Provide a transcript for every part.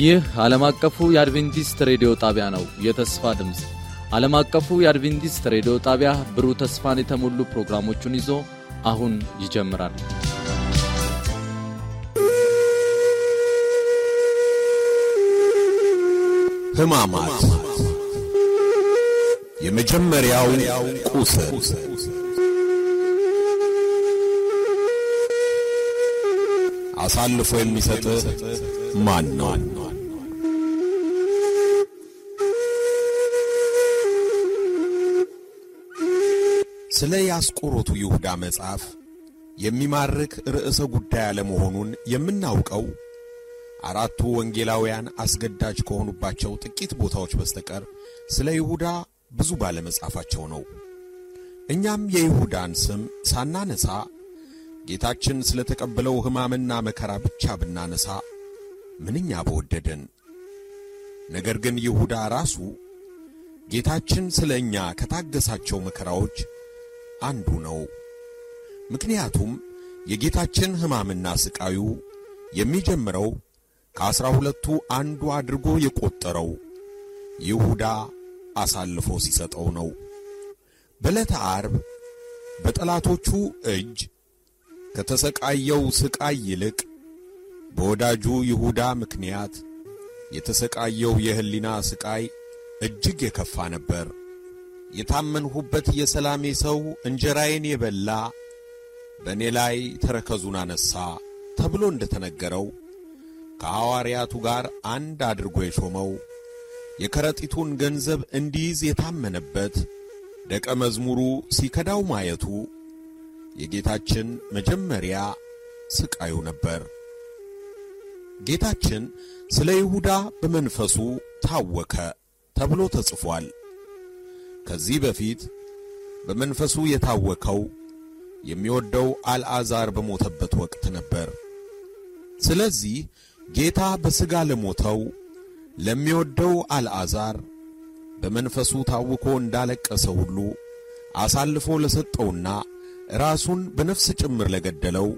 ይህ ዓለም አቀፉ የአድቬንቲስት ሬዲዮ ጣቢያ ነው። የተስፋ ድምፅ ዓለም አቀፉ የአድቬንቲስት ሬዲዮ ጣቢያ ብሩህ ተስፋን የተሞሉ ፕሮግራሞቹን ይዞ አሁን ይጀምራል። ሕማማት የመጀመሪያው ቁስል አሳልፎ የሚሰጥ ማን ነው? ስለ ያስቆሮቱ ይሁዳ መጽሐፍ የሚማርክ ርዕሰ ጉዳይ አለመሆኑን የምናውቀው አራቱ ወንጌላውያን አስገዳጅ ከሆኑባቸው ጥቂት ቦታዎች በስተቀር ስለ ይሁዳ ብዙ ባለመጻፋቸው ነው። እኛም የይሁዳን ስም ሳናነሳ ጌታችን ስለ ተቀበለው ሕማምና መከራ ብቻ ብናነሳ ምንኛ በወደደን። ነገር ግን ይሁዳ ራሱ ጌታችን ስለ እኛ ከታገሳቸው መከራዎች አንዱ ነው። ምክንያቱም የጌታችን ሕማምና ሥቃዩ የሚጀምረው ከአስራ ሁለቱ አንዱ አድርጎ የቈጠረው ይሁዳ አሳልፎ ሲሰጠው ነው። በዕለተ ዓርብ በጠላቶቹ እጅ ከተሰቃየው ሥቃይ ይልቅ በወዳጁ ይሁዳ ምክንያት የተሰቃየው የሕሊና ሥቃይ እጅግ የከፋ ነበር። የታመንሁበት የሰላሜ ሰው እንጀራዬን የበላ በእኔ ላይ ተረከዙን አነሣ ተብሎ እንደ ተነገረው ከሐዋርያቱ ጋር አንድ አድርጎ የሾመው የከረጢቱን ገንዘብ እንዲይዝ የታመነበት ደቀ መዝሙሩ ሲከዳው ማየቱ የጌታችን መጀመሪያ ሥቃዩ ነበር። ጌታችን ስለ ይሁዳ በመንፈሱ ታወከ ተብሎ ተጽፏል። ከዚህ በፊት በመንፈሱ የታወከው የሚወደው አልዓዛር በሞተበት ወቅት ነበር። ስለዚህ ጌታ በሥጋ ለሞተው ለሚወደው አልዓዛር በመንፈሱ ታውኮ እንዳለቀሰ ሁሉ አሳልፎ ለሰጠውና ራሱን በነፍስ ጭምር ለገደለው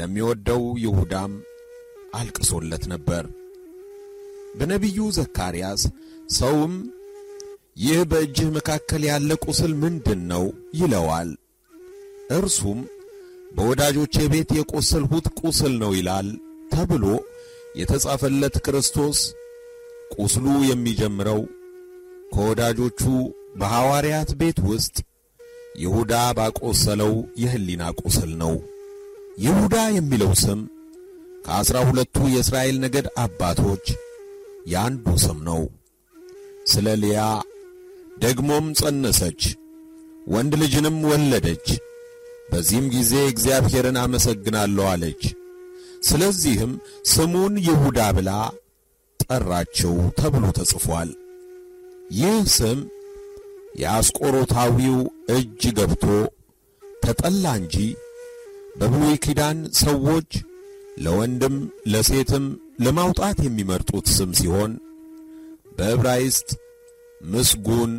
ለሚወደው ይሁዳም አልቅሶለት ነበር። በነቢዩ ዘካርያስ ሰውም ይህ በእጅህ መካከል ያለ ቁስል ምንድን ነው ይለዋል። እርሱም በወዳጆቼ ቤት የቆሰልሁት ቁስል ነው ይላል ተብሎ የተጻፈለት ክርስቶስ ቁስሉ የሚጀምረው ከወዳጆቹ በሐዋርያት ቤት ውስጥ ይሁዳ ባቆሰለው የሕሊና ቁስል ነው። ይሁዳ የሚለው ስም ከአሥራ ሁለቱ የእስራኤል ነገድ አባቶች የአንዱ ስም ነው። ስለ ልያ ደግሞም ጸነሰች፣ ወንድ ልጅንም ወለደች። በዚህም ጊዜ እግዚአብሔርን አመሰግናለሁ አለች። ስለዚህም ስሙን ይሁዳ ብላ ጠራችው ተብሎ ተጽፏል። ይህ ስም የአስቆሮታዊው እጅ ገብቶ ተጠላ እንጂ በብሉይ ኪዳን ሰዎች ለወንድም ለሴትም ለማውጣት የሚመርጡት ስም ሲሆን በዕብራይስጥ ምስጉን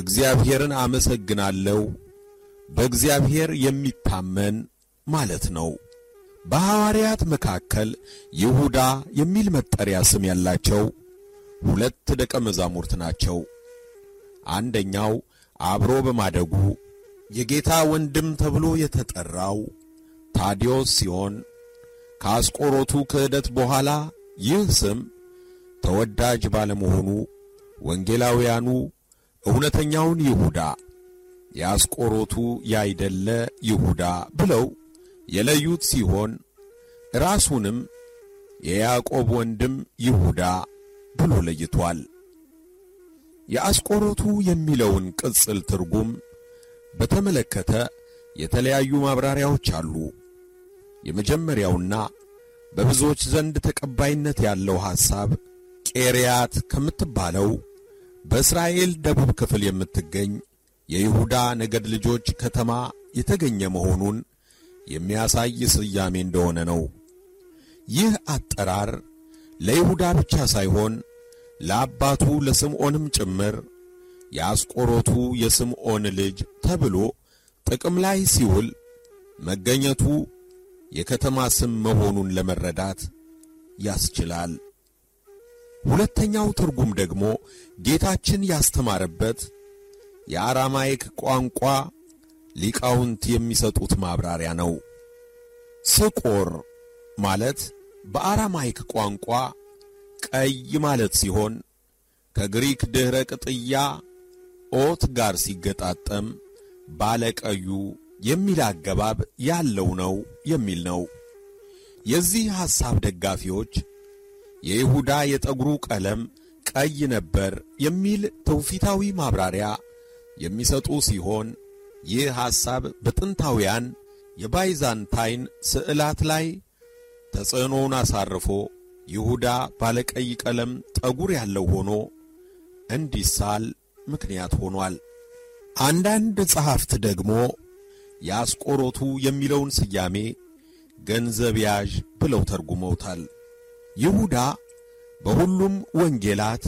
እግዚአብሔርን አመሰግናለሁ በእግዚአብሔር የሚታመን ማለት ነው። በሐዋርያት መካከል ይሁዳ የሚል መጠሪያ ስም ያላቸው ሁለት ደቀ መዛሙርት ናቸው። አንደኛው አብሮ በማደጉ የጌታ ወንድም ተብሎ የተጠራው ታዲዮስ ሲሆን ከአስቆሮቱ ክህደት በኋላ ይህ ስም ተወዳጅ ባለመሆኑ ወንጌላውያኑ እውነተኛውን ይሁዳ የአስቆሮቱ ያይደለ ይሁዳ ብለው የለዩት ሲሆን ራሱንም የያዕቆብ ወንድም ይሁዳ ብሎ ለይቷል። የአስቆሮቱ የሚለውን ቅጽል ትርጉም በተመለከተ የተለያዩ ማብራሪያዎች አሉ። የመጀመሪያውና በብዙዎች ዘንድ ተቀባይነት ያለው ሐሳብ ቄርያት ከምትባለው በእስራኤል ደቡብ ክፍል የምትገኝ የይሁዳ ነገድ ልጆች ከተማ የተገኘ መሆኑን የሚያሳይ ስያሜ እንደሆነ ነው። ይህ አጠራር ለይሁዳ ብቻ ሳይሆን ለአባቱ ለስምዖንም ጭምር የአስቆሮቱ የስምዖን ልጅ ተብሎ ጥቅም ላይ ሲውል መገኘቱ የከተማ ስም መሆኑን ለመረዳት ያስችላል። ሁለተኛው ትርጉም ደግሞ ጌታችን ያስተማረበት የአራማይክ ቋንቋ ሊቃውንት የሚሰጡት ማብራሪያ ነው። ስቆር ማለት በአራማይክ ቋንቋ ቀይ ማለት ሲሆን ከግሪክ ድኅረ ቅጥያ ኦት ጋር ሲገጣጠም ባለቀዩ የሚል አገባብ ያለው ነው የሚል ነው። የዚህ ሐሳብ ደጋፊዎች የይሁዳ የጠጉሩ ቀለም ቀይ ነበር የሚል ትውፊታዊ ማብራሪያ የሚሰጡ ሲሆን ይህ ሐሳብ በጥንታውያን የባይዛንታይን ስዕላት ላይ ተጽዕኖውን አሳርፎ ይሁዳ ባለቀይ ቀለም ጠጉር ያለው ሆኖ እንዲሳል ምክንያት ሆኗል። አንዳንድ ጸሐፍት ደግሞ የአስቆሮቱ የሚለውን ስያሜ ገንዘብ ያዥ ብለው ተርጉመውታል። ይሁዳ በሁሉም ወንጌላት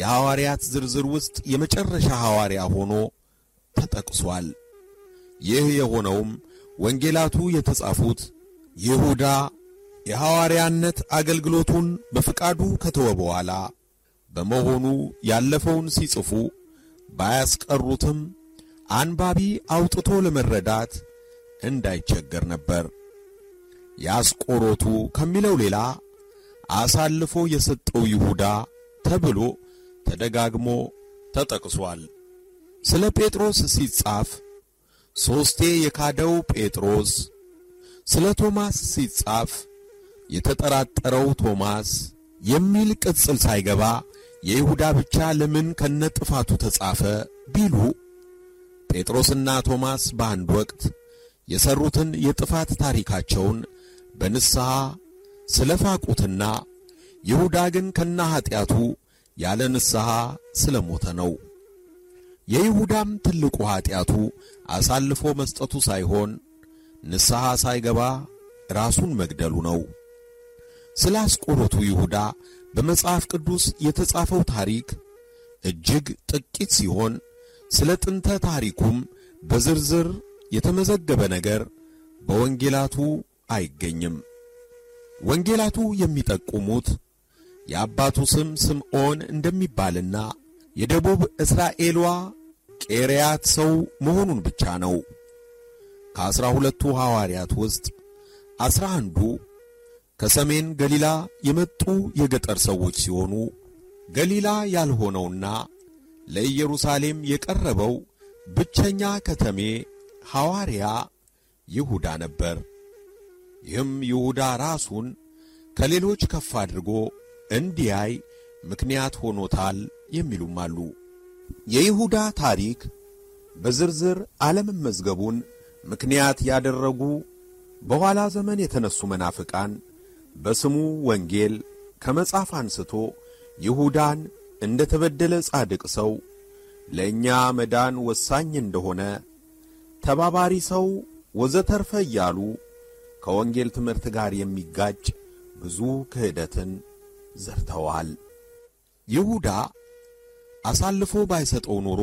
የሐዋርያት ዝርዝር ውስጥ የመጨረሻ ሐዋርያ ሆኖ ተጠቅሷል። ይህ የሆነውም ወንጌላቱ የተጻፉት ይሁዳ የሐዋርያነት አገልግሎቱን በፍቃዱ ከተወ በኋላ በመሆኑ ያለፈውን ሲጽፉ ባያስቀሩትም አንባቢ አውጥቶ ለመረዳት እንዳይቸገር ነበር። ያስቆሮቱ ከሚለው ሌላ አሳልፎ የሰጠው ይሁዳ ተብሎ ተደጋግሞ ተጠቅሷል። ስለ ጴጥሮስ ሲጻፍ ሦስቴ የካደው ጴጥሮስ፣ ስለ ቶማስ ሲጻፍ የተጠራጠረው ቶማስ የሚል ቅጽል ሳይገባ የይሁዳ ብቻ ለምን ከነጥፋቱ ተጻፈ ቢሉ ጴጥሮስና ቶማስ በአንድ ወቅት የሰሩትን የጥፋት ታሪካቸውን በንስሐ ስለ ፋቁትና ይሁዳ ግን ከነ ኀጢአቱ ያለ ንስሐ ስለ ሞተ ነው። የይሁዳም ትልቁ ኀጢአቱ አሳልፎ መስጠቱ ሳይሆን ንስሐ ሳይገባ ራሱን መግደሉ ነው። ስለ አስቆሮቱ ይሁዳ በመጽሐፍ ቅዱስ የተጻፈው ታሪክ እጅግ ጥቂት ሲሆን ስለ ጥንተ ታሪኩም በዝርዝር የተመዘገበ ነገር በወንጌላቱ አይገኝም። ወንጌላቱ የሚጠቁሙት የአባቱ ስም ስምዖን እንደሚባልና የደቡብ እስራኤሏ ቄርያት ሰው መሆኑን ብቻ ነው። ከአሥራ ሁለቱ ሐዋርያት ውስጥ አሥራ አንዱ ከሰሜን ገሊላ የመጡ የገጠር ሰዎች ሲሆኑ ገሊላ ያልሆነውና ለኢየሩሳሌም የቀረበው ብቸኛ ከተሜ ሐዋርያ ይሁዳ ነበር። ይህም ይሁዳ ራሱን ከሌሎች ከፍ አድርጎ እንዲያይ ምክንያት ሆኖታል የሚሉም አሉ። የይሁዳ ታሪክ በዝርዝር አለመመዝገቡን ምክንያት ያደረጉ በኋላ ዘመን የተነሱ መናፍቃን በስሙ ወንጌል ከመጻፍ አንስቶ ይሁዳን እንደ ተበደለ ጻድቅ ሰው ለእኛ መዳን ወሳኝ እንደሆነ ተባባሪ ሰው ወዘተርፈ እያሉ ከወንጌል ትምህርት ጋር የሚጋጭ ብዙ ክህደትን ዘርተዋል። ይሁዳ አሳልፎ ባይሰጠው ኖሮ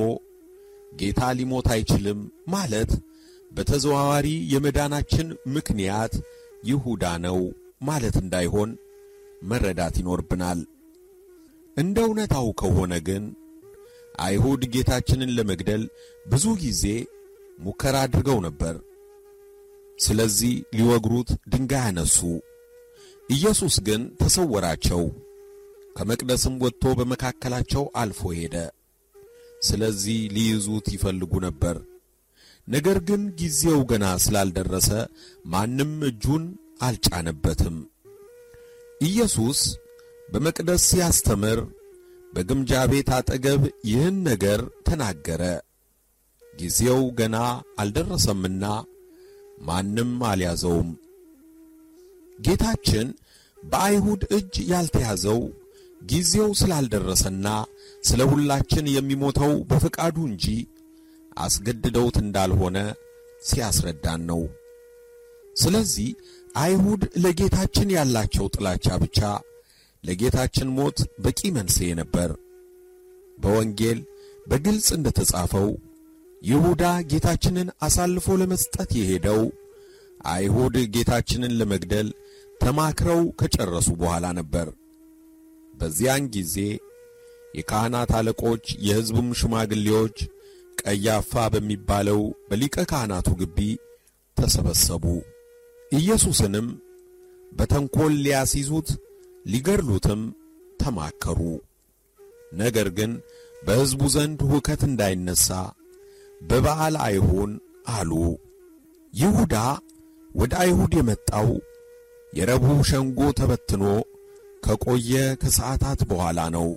ጌታ ሊሞት አይችልም ማለት በተዘዋዋሪ የመዳናችን ምክንያት ይሁዳ ነው ማለት እንዳይሆን መረዳት ይኖርብናል። እንደ እውነታው ከሆነ ግን አይሁድ ጌታችንን ለመግደል ብዙ ጊዜ ሙከራ አድርገው ነበር። ስለዚህ ሊወግሩት ድንጋይ አነሱ። ኢየሱስ ግን ተሰወራቸው፣ ከመቅደስም ወጥቶ በመካከላቸው አልፎ ሄደ። ስለዚህ ሊይዙት ይፈልጉ ነበር። ነገር ግን ጊዜው ገና ስላልደረሰ ማንም እጁን አልጫነበትም። ኢየሱስ በመቅደስ ሲያስተምር በግምጃ ቤት አጠገብ ይህን ነገር ተናገረ። ጊዜው ገና አልደረሰምና ማንም አልያዘውም። ጌታችን በአይሁድ እጅ ያልተያዘው ጊዜው ስላልደረሰና ስለ ሁላችን የሚሞተው በፈቃዱ እንጂ አስገድደውት እንዳልሆነ ሲያስረዳን ነው። ስለዚህ አይሁድ ለጌታችን ያላቸው ጥላቻ ብቻ ለጌታችን ሞት በቂ መንስኤ ነበር። በወንጌል በግልጽ እንደተጻፈው ይሁዳ ጌታችንን አሳልፎ ለመስጠት የሄደው አይሁድ ጌታችንን ለመግደል ተማክረው ከጨረሱ በኋላ ነበር። በዚያን ጊዜ የካህናት አለቆች፣ የሕዝቡም ሽማግሌዎች ቀያፋ በሚባለው በሊቀ ካህናቱ ግቢ ተሰበሰቡ። ኢየሱስንም በተንኰል ሊያስይዙት ሊገድሉትም ተማከሩ። ነገር ግን በሕዝቡ ዘንድ ሁከት እንዳይነሣ በበዓል አይሁን አሉ። ይሁዳ ወደ አይሁድ የመጣው የረቡዕ ሸንጎ ተበትኖ ከቆየ ከሰዓታት በኋላ ነው።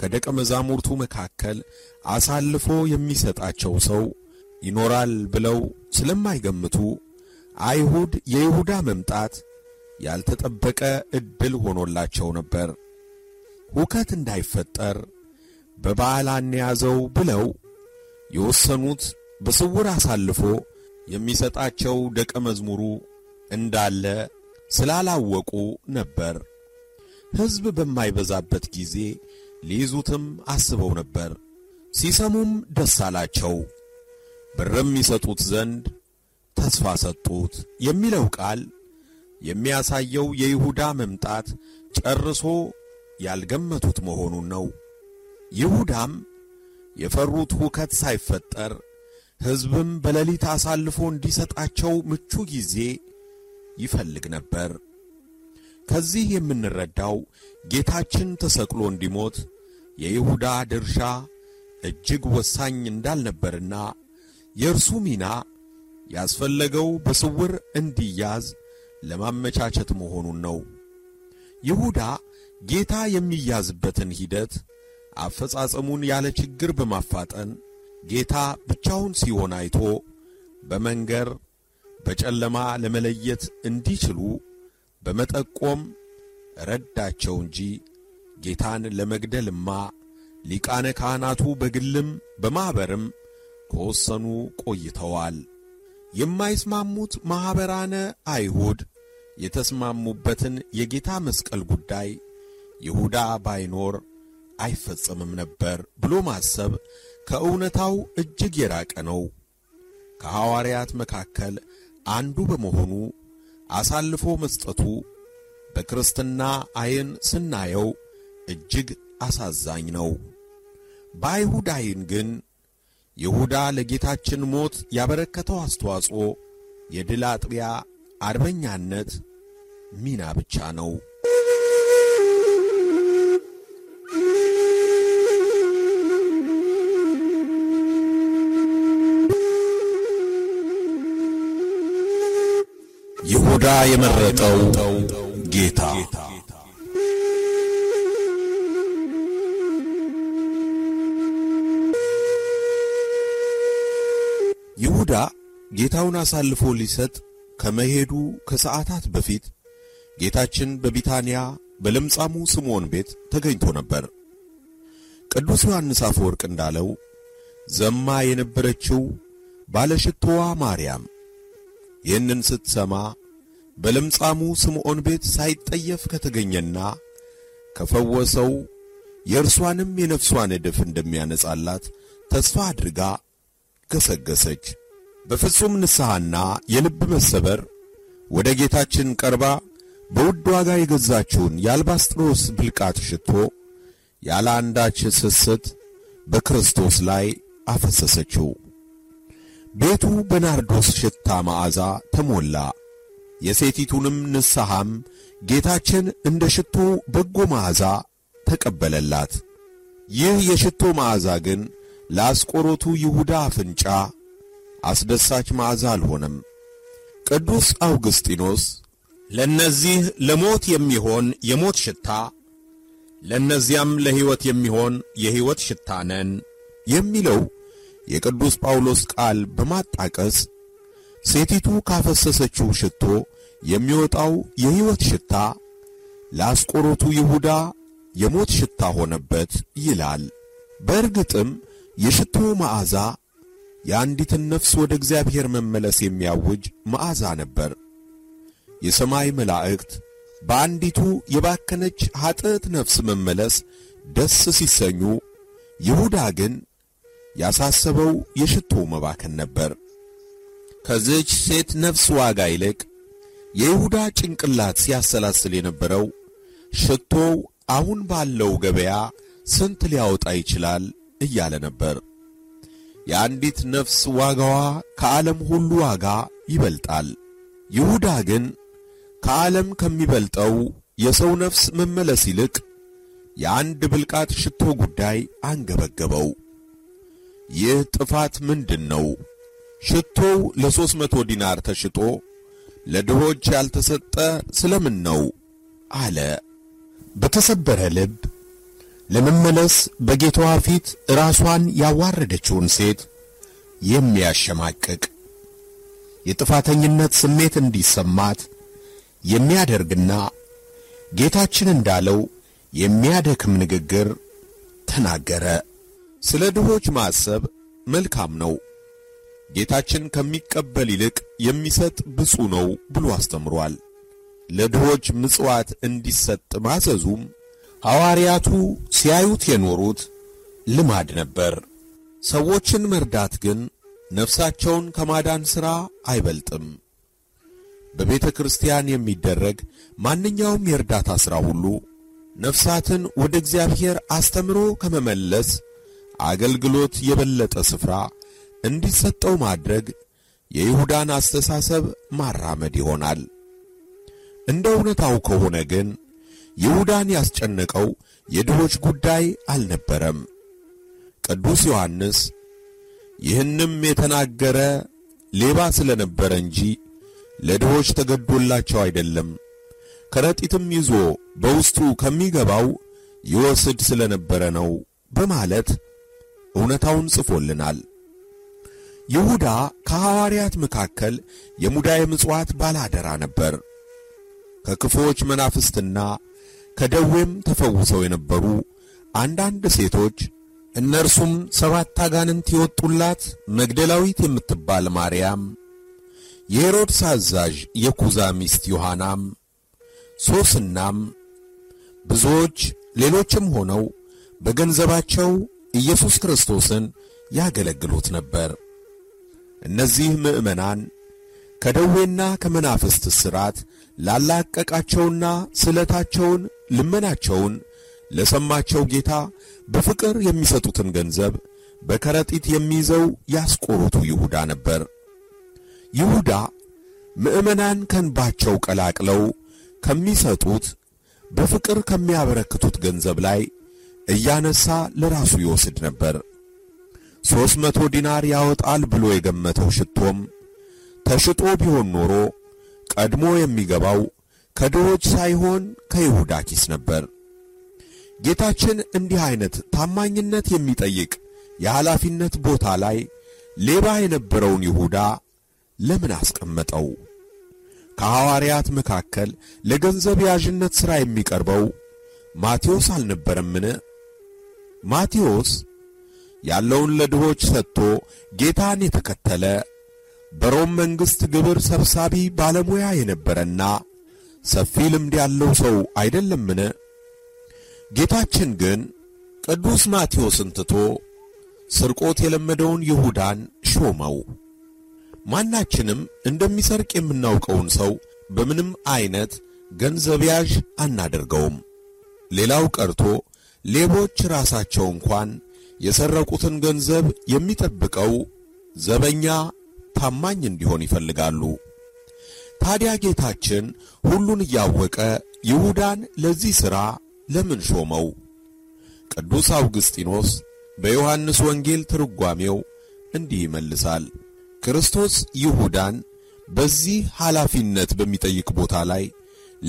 ከደቀ መዛሙርቱ መካከል አሳልፎ የሚሰጣቸው ሰው ይኖራል ብለው ስለማይገምቱ አይሁድ የይሁዳ መምጣት ያልተጠበቀ ዕድል ሆኖላቸው ነበር። ሁከት እንዳይፈጠር በበዓል አንያዘው ብለው የወሰኑት በስውር አሳልፎ የሚሰጣቸው ደቀ መዝሙሩ እንዳለ ስላላወቁ ነበር። ሕዝብ በማይበዛበት ጊዜ ሊይዙትም አስበው ነበር። ሲሰሙም ደስ አላቸው። ብርም ይሰጡት ዘንድ ተስፋ ሰጡት የሚለው ቃል የሚያሳየው የይሁዳ መምጣት ጨርሶ ያልገመቱት መሆኑን ነው። ይሁዳም የፈሩት ሁከት ሳይፈጠር ሕዝብም በሌሊት አሳልፎ እንዲሰጣቸው ምቹ ጊዜ ይፈልግ ነበር። ከዚህ የምንረዳው ጌታችን ተሰቅሎ እንዲሞት የይሁዳ ድርሻ እጅግ ወሳኝ እንዳልነበርና የእርሱ ሚና ያስፈለገው በስውር እንዲያዝ ለማመቻቸት መሆኑን ነው። ይሁዳ ጌታ የሚያዝበትን ሂደት አፈጻጸሙን ያለ ችግር በማፋጠን ጌታ ብቻውን ሲሆን አይቶ በመንገር በጨለማ ለመለየት እንዲችሉ በመጠቆም ረዳቸው እንጂ ጌታን ለመግደልማ ሊቃነ ካህናቱ በግልም በማኅበርም ከወሰኑ ቆይተዋል። የማይስማሙት ማኅበራነ አይሁድ የተስማሙበትን የጌታ መስቀል ጉዳይ ይሁዳ ባይኖር አይፈጸምም ነበር ብሎ ማሰብ ከእውነታው እጅግ የራቀ ነው። ከሐዋርያት መካከል አንዱ በመሆኑ አሳልፎ መስጠቱ በክርስትና አይን ስናየው እጅግ አሳዛኝ ነው። በአይሁድ አይን ግን ይሁዳ ለጌታችን ሞት ያበረከተው አስተዋጽኦ የድል አጥቢያ አርበኛነት ሚና ብቻ ነው። ለይሁዳ የመረጠው ጌታ ይሁዳ ጌታውን አሳልፎ ሊሰጥ ከመሄዱ ከሰዓታት በፊት ጌታችን በቢታንያ በለምጻሙ ስምዖን ቤት ተገኝቶ ነበር። ቅዱስ ዮሐንስ አፈወርቅ እንዳለው ዘማ የነበረችው ባለሽቶዋ ማርያም ይህንን ስትሰማ በለምጻሙ ስምዖን ቤት ሳይጠየፍ ከተገኘና ከፈወሰው የእርሷንም የነፍሷን ዕድፍ እንደሚያነጻላት ተስፋ አድርጋ ገሰገሰች። በፍጹም ንስሐና የልብ መሰበር ወደ ጌታችን ቀርባ በውድ ዋጋ የገዛችውን የአልባስጥሮስ ብልቃት ሽቶ ያለ አንዳች ስስት በክርስቶስ ላይ አፈሰሰችው። ቤቱ በናርዶስ ሽታ መዓዛ ተሞላ። የሴቲቱንም ንስሐም ጌታችን እንደ ሽቱ በጎ መዓዛ ተቀበለላት። ይህ የሽቶ መዓዛ ግን ለአስቆሮቱ ይሁዳ አፍንጫ አስደሳች መዓዛ አልሆነም። ቅዱስ አውግስጢኖስ ለእነዚህ ለሞት የሚሆን የሞት ሽታ፣ ለእነዚያም ለሕይወት የሚሆን የሕይወት ሽታ ነን የሚለው የቅዱስ ጳውሎስ ቃል በማጣቀስ ሴቲቱ ካፈሰሰችው ሽቶ የሚወጣው የሕይወት ሽታ ለአስቆሮቱ ይሁዳ የሞት ሽታ ሆነበት ይላል። በእርግጥም የሽቶ መዓዛ የአንዲትን ነፍስ ወደ እግዚአብሔር መመለስ የሚያውጅ መዓዛ ነበር። የሰማይ መላእክት በአንዲቱ የባከነች ኀጥት ነፍስ መመለስ ደስ ሲሰኙ፣ ይሁዳ ግን ያሳሰበው የሽቶ መባከን ነበር። ከዚች ሴት ነፍስ ዋጋ ይልቅ የይሁዳ ጭንቅላት ሲያሰላስል የነበረው ሽቶው አሁን ባለው ገበያ ስንት ሊያወጣ ይችላል እያለ ነበር። የአንዲት ነፍስ ዋጋዋ ከዓለም ሁሉ ዋጋ ይበልጣል። ይሁዳ ግን ከዓለም ከሚበልጠው የሰው ነፍስ መመለስ ይልቅ የአንድ ብልቃጥ ሽቶ ጉዳይ አንገበገበው። ይህ ጥፋት ምንድን ነው? ሽቶው ለሦስት መቶ ዲናር ተሽጦ ለድሆች ያልተሰጠ ስለምን ነው አለ። በተሰበረ ልብ ለመመለስ በጌታዋ ፊት ራሷን ያዋረደችውን ሴት የሚያሸማቅቅ የጥፋተኝነት ስሜት እንዲሰማት የሚያደርግና ጌታችን እንዳለው የሚያደክም ንግግር ተናገረ። ስለ ድሆች ማሰብ መልካም ነው። ጌታችን ከሚቀበል ይልቅ የሚሰጥ ብፁ ነው ብሎ አስተምሯል። ለድሆች ምጽዋት እንዲሰጥ ማዘዙም ሐዋርያቱ ሲያዩት የኖሩት ልማድ ነበር። ሰዎችን መርዳት ግን ነፍሳቸውን ከማዳን ሥራ አይበልጥም። በቤተ ክርስቲያን የሚደረግ ማንኛውም የእርዳታ ሥራ ሁሉ ነፍሳትን ወደ እግዚአብሔር አስተምሮ ከመመለስ አገልግሎት የበለጠ ስፍራ እንዲሰጠው ማድረግ የይሁዳን አስተሳሰብ ማራመድ ይሆናል። እንደ እውነታው ከሆነ ግን ይሁዳን ያስጨነቀው የድሆች ጉዳይ አልነበረም። ቅዱስ ዮሐንስ ይህንም የተናገረ ሌባ ስለነበረ እንጂ ለድሆች ተገዶላቸው አይደለም፣ ከረጢትም ይዞ በውስጡ ከሚገባው ይወስድ ስለነበረ ነው በማለት እውነታውን ጽፎልናል። ይሁዳ ከሐዋርያት መካከል የሙዳየ ምጽዋት ባላደራ ነበር። ከክፉዎች መናፍስትና ከደዌም ተፈውሰው የነበሩ አንዳንድ ሴቶች እነርሱም ሰባት አጋንንት የወጡላት መግደላዊት የምትባል ማርያም፣ የሄሮድስ አዛዥ የኩዛ ሚስት ዮሐናም፣ ሶስናም ብዙዎች ሌሎችም ሆነው በገንዘባቸው ኢየሱስ ክርስቶስን ያገለግሉት ነበር። እነዚህ ምዕመናን ከደዌና ከመናፍስት ሥራት ላላቀቃቸውና ስለታቸውን ልመናቸውን ለሰማቸው ጌታ በፍቅር የሚሰጡትን ገንዘብ በከረጢት የሚይዘው ያስቆሮቱ ይሁዳ ነበር። ይሁዳ ምዕመናን ከንባቸው ቀላቅለው ከሚሰጡት በፍቅር ከሚያበረክቱት ገንዘብ ላይ እያነሳ ለራሱ ይወስድ ነበር። ሦስት መቶ ዲናር ያወጣል ብሎ የገመተው ሽቶም ተሽጦ ቢሆን ኖሮ ቀድሞ የሚገባው ከድሆች ሳይሆን ከይሁዳ ኪስ ነበር። ጌታችን እንዲህ ዐይነት ታማኝነት የሚጠይቅ የኃላፊነት ቦታ ላይ ሌባ የነበረውን ይሁዳ ለምን አስቀመጠው? ከሐዋርያት መካከል ለገንዘብ ያዥነት ሥራ የሚቀርበው ማቴዎስ አልነበረምን? ማቴዎስ ያለውን ለድሆች ሰጥቶ ጌታን የተከተለ በሮም መንግሥት ግብር ሰብሳቢ ባለሙያ የነበረና ሰፊ ልምድ ያለው ሰው አይደለምን? ጌታችን ግን ቅዱስ ማቴዎስን ትቶ ስርቆት የለመደውን ይሁዳን ሾመው። ማናችንም እንደሚሰርቅ የምናውቀውን ሰው በምንም አይነት ገንዘብ ያዥ አናደርገውም። ሌላው ቀርቶ ሌቦች ራሳቸው እንኳን የሰረቁትን ገንዘብ የሚጠብቀው ዘበኛ ታማኝ እንዲሆን ይፈልጋሉ። ታዲያ ጌታችን ሁሉን እያወቀ ይሁዳን ለዚህ ሥራ ለምን ሾመው? ቅዱስ አውግስጢኖስ በዮሐንስ ወንጌል ትርጓሜው እንዲህ ይመልሳል። ክርስቶስ ይሁዳን በዚህ ኃላፊነት በሚጠይቅ ቦታ ላይ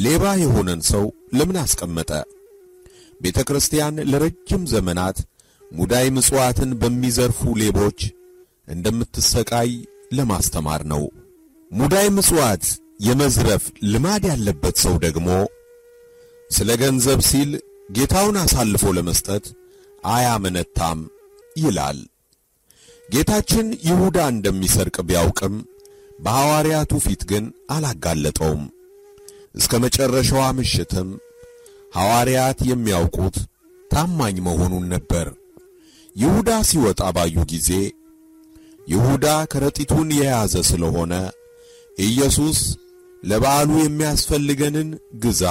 ሌባ የሆነን ሰው ለምን አስቀመጠ? ቤተ ክርስቲያን ለረጅም ዘመናት ሙዳይ ምጽዋትን በሚዘርፉ ሌቦች እንደምትሰቃይ ለማስተማር ነው። ሙዳይ ምጽዋት የመዝረፍ ልማድ ያለበት ሰው ደግሞ ስለ ገንዘብ ሲል ጌታውን አሳልፎ ለመስጠት አያመነታም ይላል። ጌታችን ይሁዳ እንደሚሰርቅ ቢያውቅም በሐዋርያቱ ፊት ግን አላጋለጠውም። እስከ መጨረሻዋ ምሽትም ሐዋርያት የሚያውቁት ታማኝ መሆኑን ነበር። ይሁዳ ሲወጣ ባዩ ጊዜ ይሁዳ ከረጢቱን የያዘ ስለሆነ ኢየሱስ ለበዓሉ የሚያስፈልገንን ግዛ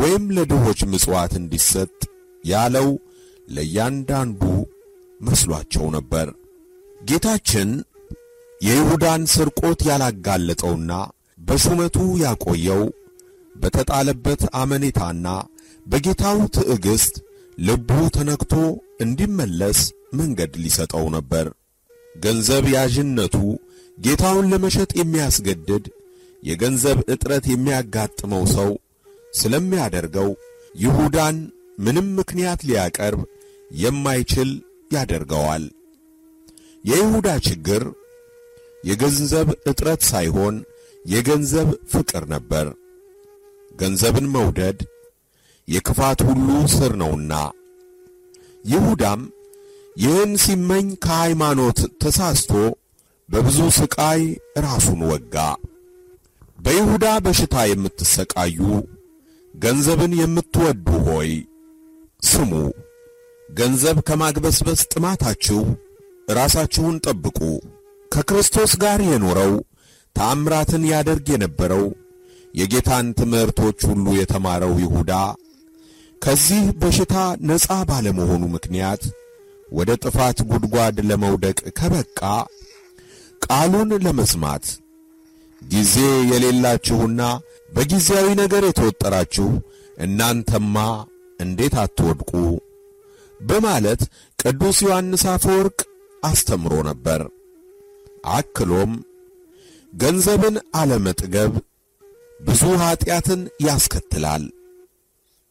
ወይም ለድሆች ምጽዋት እንዲሰጥ ያለው ለእያንዳንዱ መስሏቸው ነበር። ጌታችን የይሁዳን ስርቆት ያላጋለጠውና በሹመቱ ያቆየው በተጣለበት አመኔታና በጌታው ትዕግስት። ልቡ ተነክቶ እንዲመለስ መንገድ ሊሰጠው ነበር። ገንዘብ ያዥነቱ ጌታውን ለመሸጥ የሚያስገድድ የገንዘብ እጥረት የሚያጋጥመው ሰው ስለሚያደርገው ይሁዳን ምንም ምክንያት ሊያቀርብ የማይችል ያደርገዋል። የይሁዳ ችግር የገንዘብ እጥረት ሳይሆን የገንዘብ ፍቅር ነበር። ገንዘብን መውደድ የክፋት ሁሉ ስር ነውና። ይሁዳም ይህን ሲመኝ ከሃይማኖት ተሳስቶ በብዙ ሥቃይ ራሱን ወጋ። በይሁዳ በሽታ የምትሰቃዩ ገንዘብን የምትወዱ ሆይ ስሙ። ገንዘብ ከማግበስበስ ጥማታችሁ ራሳችሁን ጠብቁ። ከክርስቶስ ጋር የኖረው ተአምራትን ያደርግ የነበረው የጌታን ትምህርቶች ሁሉ የተማረው ይሁዳ ከዚህ በሽታ ነፃ ባለመሆኑ ምክንያት ወደ ጥፋት ጉድጓድ ለመውደቅ ከበቃ ቃሉን ለመስማት ጊዜ የሌላችሁና በጊዜያዊ ነገር የተወጠራችሁ እናንተማ እንዴት አትወድቁ በማለት ቅዱስ ዮሐንስ አፈወርቅ አስተምሮ ነበር። አክሎም ገንዘብን አለመጥገብ ብዙ ኀጢአትን ያስከትላል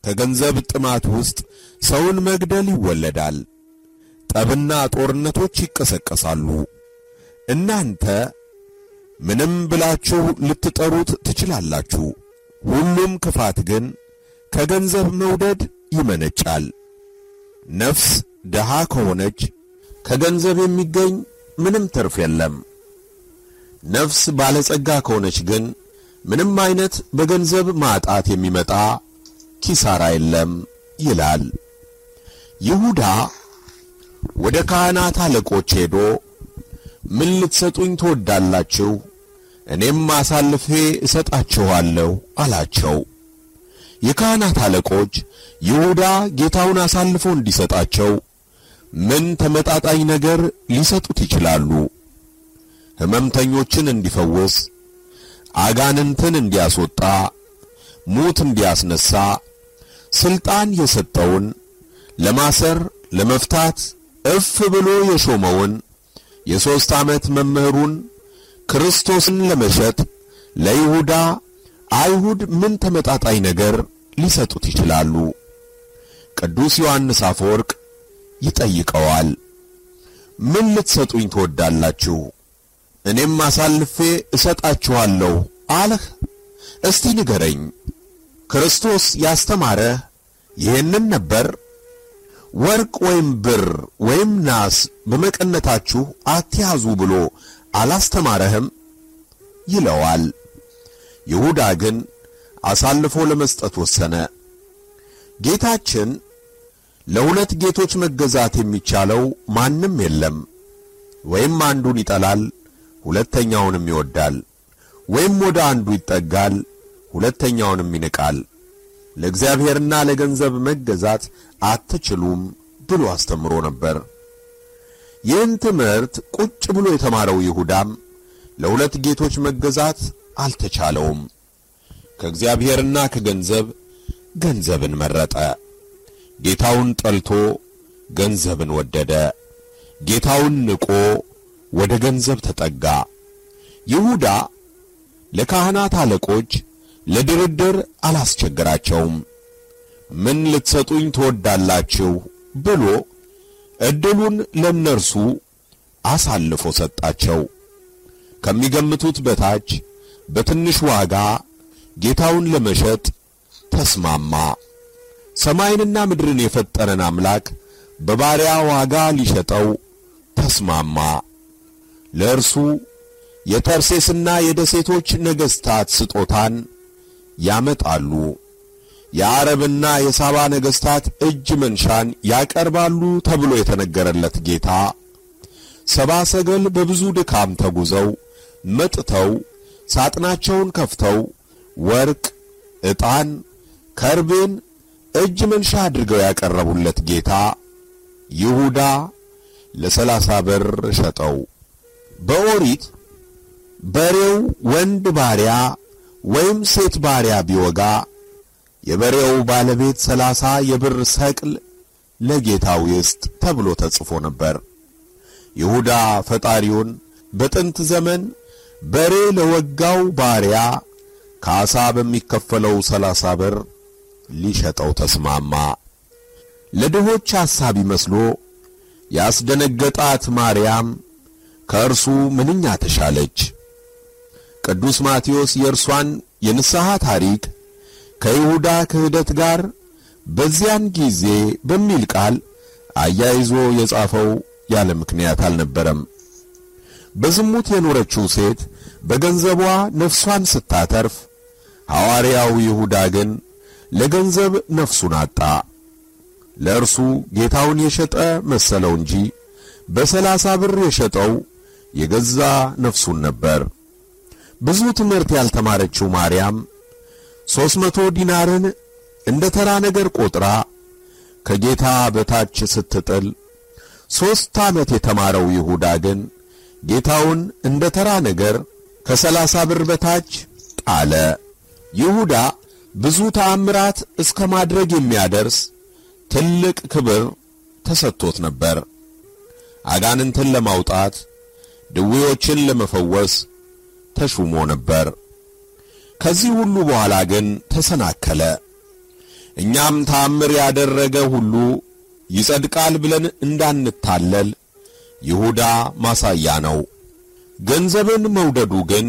ከገንዘብ ጥማት ውስጥ ሰውን መግደል ይወለዳል። ጠብና ጦርነቶች ይቀሰቀሳሉ። እናንተ ምንም ብላችሁ ልትጠሩት ትችላላችሁ። ሁሉም ክፋት ግን ከገንዘብ መውደድ ይመነጫል። ነፍስ ድሃ ከሆነች ከገንዘብ የሚገኝ ምንም ትርፍ የለም። ነፍስ ባለጸጋ ከሆነች ግን ምንም አይነት በገንዘብ ማጣት የሚመጣ ኪሳራ የለም ይላል። ይሁዳ ወደ ካህናት አለቆች ሄዶ ምን ልትሰጡኝ ትወዳላችሁ? እኔም አሳልፌ እሰጣችኋለሁ አላቸው። የካህናት አለቆች ይሁዳ ጌታውን አሳልፎ እንዲሰጣቸው ምን ተመጣጣኝ ነገር ሊሰጡት ይችላሉ? ሕመምተኞችን እንዲፈውስ፣ አጋንንትን እንዲያስወጣ ሙትም ቢያስነሳ ስልጣን የሰጠውን ለማሰር ለመፍታት እፍ ብሎ የሾመውን የሦስት ዓመት መምህሩን ክርስቶስን ለመሸጥ ለይሁዳ አይሁድ ምን ተመጣጣኝ ነገር ሊሰጡት ይችላሉ? ቅዱስ ዮሐንስ አፈወርቅ ይጠይቀዋል። ምን ልትሰጡኝ ትወዳላችሁ? እኔም አሳልፌ እሰጣችኋለሁ አለህ? እስቲ ንገረኝ ክርስቶስ ያስተማረ ይህንን ነበር። ወርቅ ወይም ብር ወይም ናስ በመቀነታችሁ አትያዙ ብሎ አላስተማረህም ይለዋል። ይሁዳ ግን አሳልፎ ለመስጠት ወሰነ። ጌታችን ለሁለት ጌቶች መገዛት የሚቻለው ማንም የለም። ወይም አንዱን ይጠላል፣ ሁለተኛውንም ይወዳል፣ ወይም ወደ አንዱ ይጠጋል፣ ሁለተኛውንም ይንቃል። ለእግዚአብሔርና ለገንዘብ መገዛት አትችሉም ብሎ አስተምሮ ነበር። ይህን ትምህርት ቁጭ ብሎ የተማረው ይሁዳም ለሁለት ጌቶች መገዛት አልተቻለውም። ከእግዚአብሔርና ከገንዘብ ገንዘብን መረጠ። ጌታውን ጠልቶ ገንዘብን ወደደ። ጌታውን ንቆ ወደ ገንዘብ ተጠጋ። ይሁዳ ለካህናት አለቆች ለድርድር አላስቸግራቸውም። ምን ልትሰጡኝ ትወዳላችሁ ብሎ እድሉን ለነርሱ አሳልፎ ሰጣቸው። ከሚገምቱት በታች በትንሽ ዋጋ ጌታውን ለመሸጥ ተስማማ። ሰማይንና ምድርን የፈጠረን አምላክ በባሪያ ዋጋ ሊሸጠው ተስማማ። ለእርሱ የተርሴስና የደሴቶች ነገሥታት ስጦታን ያመጣሉ። የአረብና የሳባ ነገሥታት እጅ መንሻን ያቀርባሉ ተብሎ የተነገረለት ጌታ ሰባ ሰገል በብዙ ድካም ተጉዘው መጥተው ሳጥናቸውን ከፍተው ወርቅ፣ ዕጣን፣ ከርቤን እጅ መንሻ አድርገው ያቀረቡለት ጌታ ይሁዳ ለሰላሳ ብር ሸጠው። በኦሪት በሬው ወንድ ባሪያ ወይም ሴት ባሪያ ቢወጋ የበሬው ባለቤት ሰላሳ የብር ሰቅል ለጌታው ይስጥ ተብሎ ተጽፎ ነበር። ይሁዳ ፈጣሪውን በጥንት ዘመን በሬ ለወጋው ባሪያ ካሳ በሚከፈለው ሰላሳ ብር ሊሸጠው ተስማማ። ለድሆች ሐሳቢ መስሎ ያስደነገጣት ማርያም ከእርሱ ምንኛ ተሻለች። ቅዱስ ማቴዎስ የእርሷን የንስሐ ታሪክ ከይሁዳ ክህደት ጋር በዚያን ጊዜ በሚል ቃል አያይዞ የጻፈው ያለ ምክንያት አልነበረም። በዝሙት የኖረችው ሴት በገንዘቧ ነፍሷን ስታተርፍ፣ ሐዋርያው ይሁዳ ግን ለገንዘብ ነፍሱን አጣ። ለእርሱ ጌታውን የሸጠ መሰለው እንጂ በሰላሳ ብር የሸጠው የገዛ ነፍሱን ነበር። ብዙ ትምህርት ያልተማረችው ማርያም ሦስት መቶ ዲናርን እንደ ተራ ነገር ቆጥራ ከጌታ በታች ስትጥል፣ ሦስት ዓመት የተማረው ይሁዳ ግን ጌታውን እንደ ተራ ነገር ከሰላሳ ብር በታች ጣለ። ይሁዳ ብዙ ተአምራት እስከ ማድረግ የሚያደርስ ትልቅ ክብር ተሰጥቶት ነበር። አጋንንትን ለማውጣት፣ ድዌዎችን ለመፈወስ ተሹሞ ነበር። ከዚህ ሁሉ በኋላ ግን ተሰናከለ። እኛም ታምር ያደረገ ሁሉ ይጸድቃል ብለን እንዳንታለል ይሁዳ ማሳያ ነው። ገንዘብን መውደዱ ግን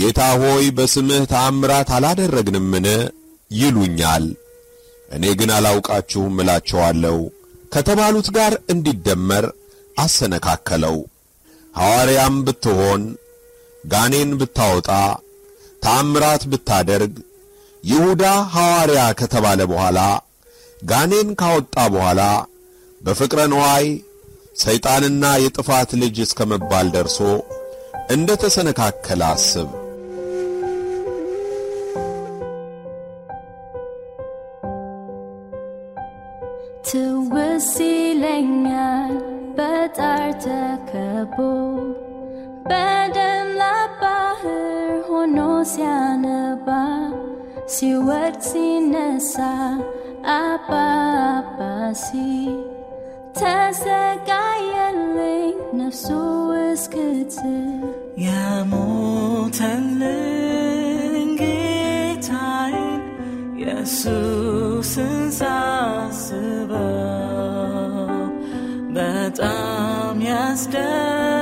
ጌታ ሆይ በስምህ ተአምራት አላደረግንምን ይሉኛል፣ እኔ ግን አላውቃችሁም እላቸዋለሁ ከተባሉት ጋር እንዲደመር አሰነካከለው። ሐዋርያም ብትሆን ጋኔን ብታወጣ ታምራት ብታደርግ ይሁዳ ሐዋርያ ከተባለ በኋላ ጋኔን ካወጣ በኋላ በፍቅረ ነዋይ ሰይጣንና የጥፋት ልጅ እስከ መባል ደርሶ እንደ ተሰነካከለ አስብ። ትውስ ይለኛል በጣር ተከቦ በደም siana ba si wet sinasa apa apa si tasa kaya le na so es kete ya mo tenenge am yasta